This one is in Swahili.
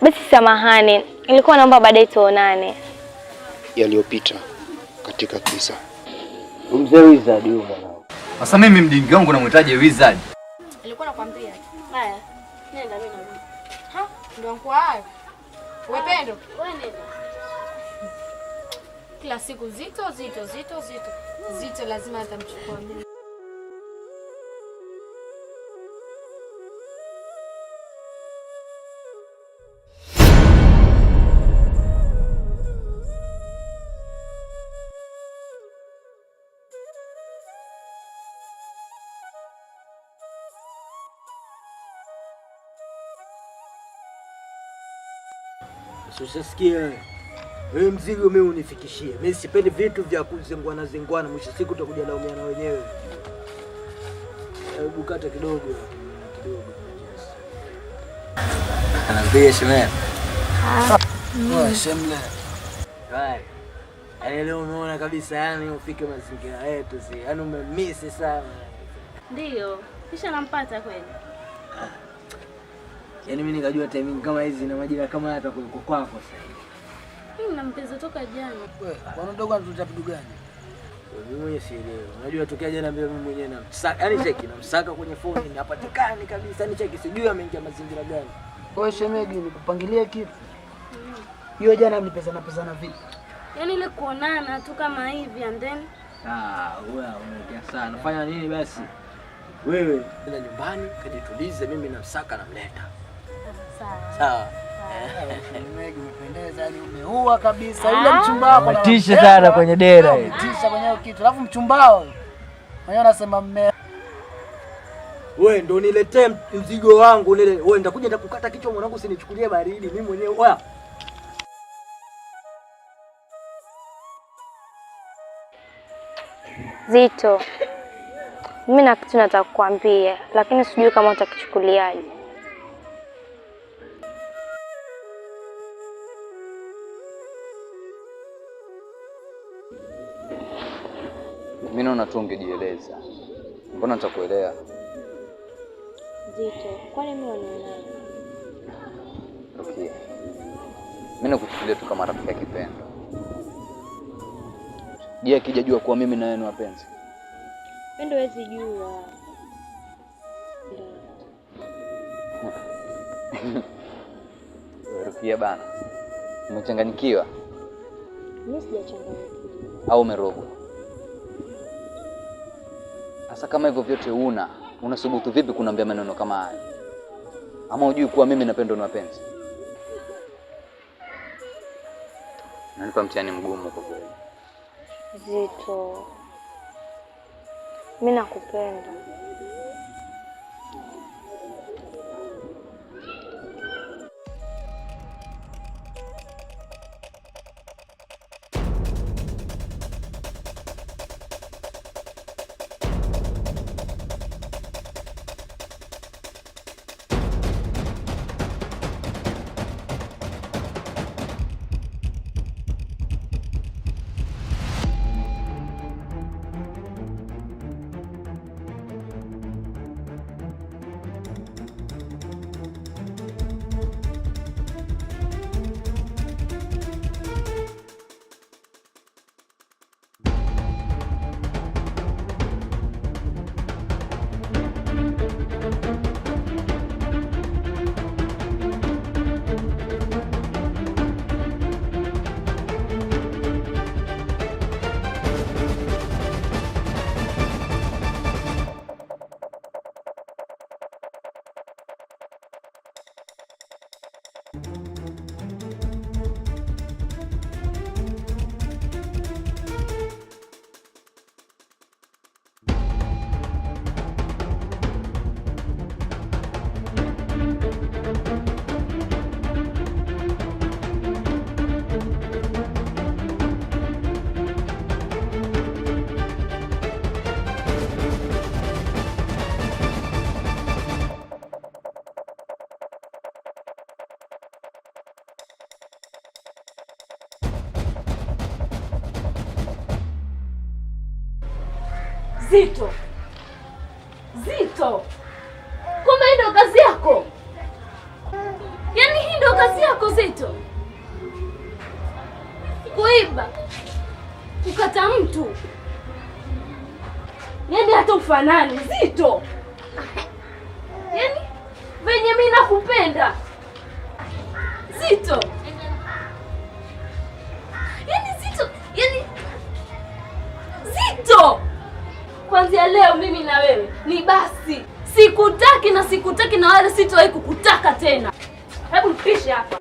Basi samahani, nilikuwa naomba baadaye tuonane. Yaliyopita katika kisa mzee Wizard huyo mwanangu. Sasa mimi mjingi wangu namhitaji Wizard? Nilikuwa nakwambia. Haya. Nenda mimi narudi. Ha? Ndio kwa hayo. pendo. Ah, wewe nenda. Kila siku zito zito zito zito. Zito lazima atamchukua mimi. Usisikie wewe mzigo mimi unifikishie. Mimi sipendi vitu vya kuzengwana zengwana, mwisho siku tutakuja laumiana wenyewe. Hebu kata kidogo kidogo. Ah, leo umeona kabisa yani ufike mazingira yetu si. Yaani umemisi sana. Ndio. Kisha nampata kweli. Ah. Yaani mimi nikajua timing kama hizi na majira kama haya atakuwa kwako sasa hivi. Mimi na mpenzi toka jana. Wewe, bwana mdogo anatuta vitu gani? Mimi mwenyewe sielewi. Unajua tokea jana mbele mimi mwenyewe na msaka, yaani cheki na msaka kwenye phone ni hapatikani kabisa. Ni cheki sijui ameingia mazingira gani. Wewe shemeji nikupangilie kitu. Mm. Hiyo mm. jana na pesa na vipi? Yaani ile kuonana tu kama hivi and then Ah, wewe unaongea sana. Fanya nini basi? Wewe, nenda nyumbani, kajitulize, mimi na msaka namleta sawa yaani umeua kabisa yule ah. mchumba wako, tisha sana kwenye dera, tisha kwenye kitu, alafu mchumbao mwenyewe anasema mme wewe ndo niletee mzigo wangu lele. Wewe nitakuja nitakukata kichwa mwanangu, usinichukulie baridi mimi mwenyewe. Oya, Zito, mimi na kitu nataka kukwambia, lakini sijui kama utakichukuliaje. Mimi naona tu ungejieleza, mbona nitakuelewa. Zito, kwani mimi wanionaje? Okay. Mimi nakuchukulia tu kama rafiki ya kipendo. Je, akija jua kuwa mimi na yeye ni wapenzi? Pendo huwezi jua. Rukia bana, umechanganyikiwa? Mimi sijachanganyikiwa. Au umerogwa? Sasa kama hivyo vyote una unasubutu vipi kuniambia maneno kama haya? Ama hujui kuwa mimi napendwa na wapenzi? Nanipa mtihani mgumu kwa kweli. Zito, mimi nakupenda. Thank you Zito, Zito, kumbe hii ndio kazi yako? Yaani hii ndio kazi yako Zito? Kuiba, kukata mtu, yaani hata ufanani Zito, yaani venye mimi nakupenda Zito. kuanzia leo mimi na wewe ni basi. Sikutaki na sikutaki na wale sitowahi kukutaka tena. Hebu mpishe hapa.